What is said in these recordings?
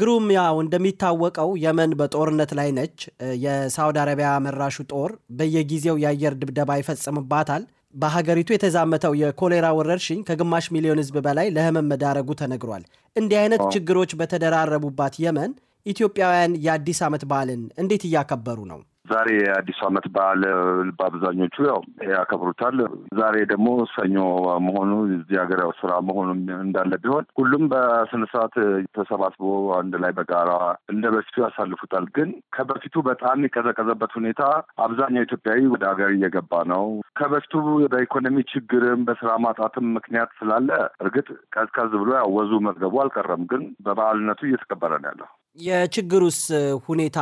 ግሩም ያው እንደሚታወቀው የመን በጦርነት ላይ ነች። የሳውዲ አረቢያ መራሹ ጦር በየጊዜው የአየር ድብደባ ይፈጽምባታል። በሀገሪቱ የተዛመተው የኮሌራ ወረርሽኝ ከግማሽ ሚሊዮን ሕዝብ በላይ ለህመም መዳረጉ ተነግሯል። እንዲህ አይነት ችግሮች በተደራረቡባት የመን ኢትዮጵያውያን የአዲስ ዓመት በዓልን እንዴት እያከበሩ ነው? ዛሬ የአዲሱ ዓመት በዓል በአብዛኞቹ ያው ያከብሩታል። ዛሬ ደግሞ ሰኞ መሆኑ እዚህ ሀገር ስራ መሆኑ እንዳለ ቢሆን ሁሉም በስነ ስርዓት ተሰባስቦ አንድ ላይ በጋራ እንደ በፊቱ ያሳልፉታል። ግን ከበፊቱ በጣም የቀዘቀዘበት ሁኔታ አብዛኛው ኢትዮጵያዊ ወደ ሀገር እየገባ ነው። ከበፊቱ በኢኮኖሚ ችግርም በስራ ማጣትም ምክንያት ስላለ እርግጥ ቀዝቀዝ ብሎ ያወዙ መዝገቡ አልቀረም። ግን በበዓልነቱ እየተከበረ ነው ያለው። የችግሩስ ሁኔታ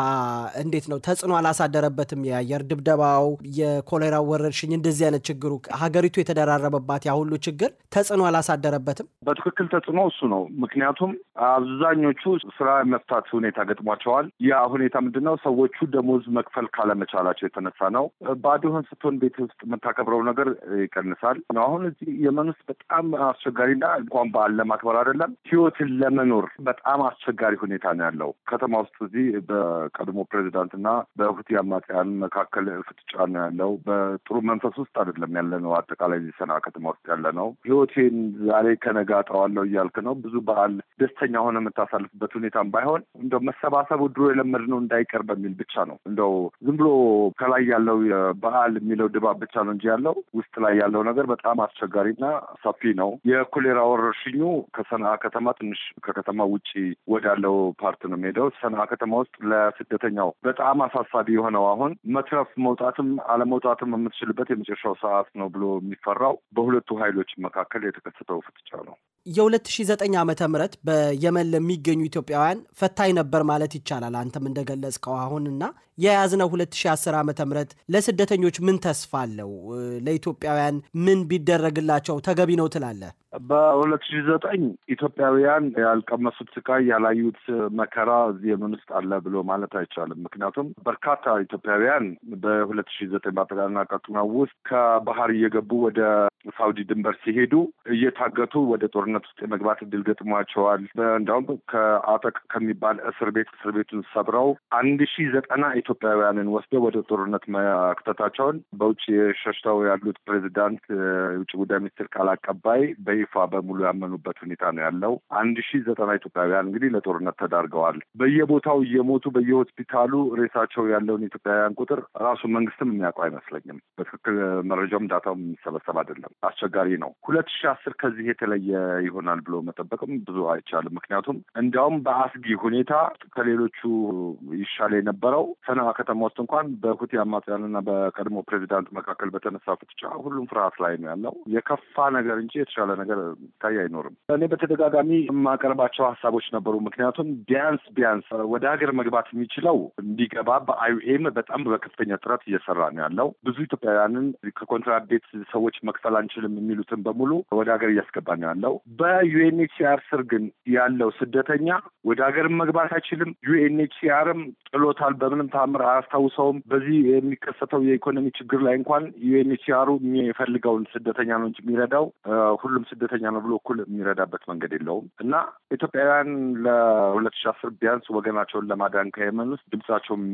እንዴት ነው? ተጽዕኖ አላሳደረበትም? የአየር ድብደባው፣ የኮሌራ ወረርሽኝ እንደዚህ አይነት ችግሩ ሀገሪቱ የተደራረበባት ያ ሁሉ ችግር ተጽዕኖ አላሳደረበትም? በትክክል ተጽዕኖ እሱ ነው። ምክንያቱም አብዛኞቹ ስራ መፍታት ሁኔታ ገጥሟቸዋል። ያ ሁኔታ ምንድን ነው? ሰዎቹ ደሞዝ መክፈል ካለመቻላቸው የተነሳ ነው። ባዶህን ስትሆን ቤት ውስጥ የምታከብረው ነገር ይቀንሳል። አሁን እዚህ የመን ውስጥ በጣም አስቸጋሪና እንኳን በዓል ለማክበር አይደለም ህይወትን ለመኖር በጣም አስቸጋሪ ሁኔታ ነው ያለው ነው ከተማ ውስጥ እዚህ በቀድሞ ፕሬዚዳንትና በሁቲ አማጽያን መካከል ፍጥጫ ነው ያለው። በጥሩ መንፈስ ውስጥ አይደለም ያለ ነው። አጠቃላይ እዚህ ሰና ከተማ ውስጥ ያለ ነው። ህይወቴን ዛሬ ከነጋ አጠዋለሁ እያልክ ነው። ብዙ በዓል ደስተኛ ሆነ የምታሳልፍበት ሁኔታም ባይሆን እንደው መሰባሰቡ ድሮ የለመድነው እንዳይቀር በሚል ብቻ ነው። እንደው ዝም ብሎ ከላይ ያለው በዓል የሚለው ድባብ ብቻ ነው እንጂ ያለው ውስጥ ላይ ያለው ነገር በጣም አስቸጋሪና ሰፊ ነው። የኮሌራ ወረርሽኙ ከሰና ከተማ ትንሽ ከከተማ ውጭ ወዳለው ፓርት ነው የሚሄደው። ሰና ከተማ ውስጥ ለስደተኛው በጣም አሳሳቢ የሆነው አሁን መትረፍ መውጣትም አለመውጣትም የምትችልበት የመጨረሻው ሰዓት ነው ብሎ የሚፈራው በሁለቱ ኃይሎች መካከል የተከሰተው ፍጥጫ ነው። የሁለት ሺ ዘጠኝ ዓመተ በየመን ለሚገኙ ኢትዮጵያውያን ፈታኝ ነበር ማለት ይቻላል። አንተም እንደገለጽከው አሁንና የያዝነው 2010 ዓ ም ለስደተኞች ምን ተስፋ አለው? ለኢትዮጵያውያን ምን ቢደረግላቸው ተገቢ ነው ትላለህ? በሁለት ሺ ዘጠኝ ኢትዮጵያውያን ያልቀመሱት ስቃይ ያላዩት መከራ እዚህ የምን ውስጥ አለ ብሎ ማለት አይቻልም። ምክንያቱም በርካታ ኢትዮጵያውያን በሁለት ሺ ዘጠኝ በአጠቃላይ ውስጥ ከባህር እየገቡ ወደ ሳውዲ ድንበር ሲሄዱ እየታገቱ ወደ ጦርነት ውስጥ የመግባት እድል ገጥሟቸዋል። እንዲሁም ከአጠቅ ከሚባል እስር ቤት እስር ቤቱን ሰብረው አንድ ሺ ዘጠና ኢትዮጵያውያንን ወስደው ወደ ጦርነት መክተታቸውን በውጭ ሸሽተው ያሉት ፕሬዚዳንት የውጭ ጉዳይ ሚኒስትር ቃል አቀባይ በይፋ በሙሉ ያመኑበት ሁኔታ ነው ያለው። አንድ ሺ ዘጠና ኢትዮጵያውያን እንግዲህ ለጦርነት ተዳርገዋል። በየቦታው እየሞቱ በየሆስፒታሉ ሬሳቸው ያለውን ኢትዮጵያውያን ቁጥር ራሱ መንግስትም የሚያውቀው አይመስለኝም። በትክክል መረጃውም ዳታውም የሚሰበሰብ አይደለም። አስቸጋሪ ነው። ሁለት ሺህ አስር ከዚህ የተለየ ይሆናል ብሎ መጠበቅም ብዙ አይቻልም። ምክንያቱም እንዲያውም በአስጊ ሁኔታ ከሌሎቹ ይሻል የነበረው ሰነአ ከተማ ውስጥ እንኳን በሁቲ አማጽያንና በቀድሞ ፕሬዚዳንት መካከል በተነሳ ፍጥጫ ሁሉም ፍርሃት ላይ ነው ያለው። የከፋ ነገር እንጂ የተሻለ ነገር ታይ አይኖርም። እኔ በተደጋጋሚ የማቀርባቸው ሀሳቦች ነበሩ። ምክንያቱም ቢያንስ ቢያንስ ወደ ሀገር መግባት የሚችለው እንዲገባ በአይኤም በጣም በከፍተኛ ጥረት እየሰራ ነው ያለው። ብዙ ኢትዮጵያውያንን ከኮንትራት ቤት ሰዎች መክፈል አንችልም የሚሉትን በሙሉ ወደ ሀገር እያስገባ ነው ያለው። በዩኤንኤችሲአር ስር ግን ያለው ስደተኛ ወደ ሀገርም መግባት አይችልም። ዩኤንኤችሲአርም ጥሎታል፣ በምንም ታምር አያስታውሰውም። በዚህ የሚከሰተው የኢኮኖሚ ችግር ላይ እንኳን ዩኤንኤችሲአሩ የሚፈልገውን ስደተኛ ነው እንጂ የሚረዳው ሁሉም ስደተኛ ነው ብሎ እኩል የሚረዳበት መንገድ የለውም እና ኢትዮጵያውያን ለሁለት ሺ አስር ቢያንስ ወገናቸውን ለማዳን ከየመን ውስጥ ድምጻቸውን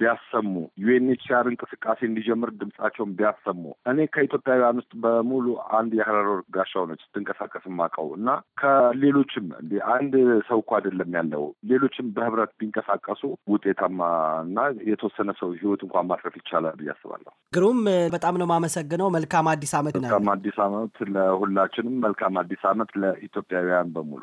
ቢያሰሙ ዩኤንኤችሲአር እንቅስቃሴ እንዲጀምር ድምጻቸውን ቢያሰሙ እኔ ከኢትዮጵያውያን ውስጥ በሙ ሙሉ አንድ የሀረር ጋሻው ነች ስትንቀሳቀስ ማቀው እና ከሌሎችም አንድ ሰው እኮ አይደለም ያለው ሌሎችም በህብረት ቢንቀሳቀሱ ውጤታማ እና የተወሰነ ሰው ህይወት እንኳን ማትረፍ ይቻላል ብዬ አስባለሁ። ግሩም በጣም ነው የማመሰግነው። መልካም አዲስ ዓመት። መልካም አዲስ ዓመት መልካም አዲስ አመት ለሁላችንም መልካም አዲስ አመት ለኢትዮጵያውያን በሙሉ።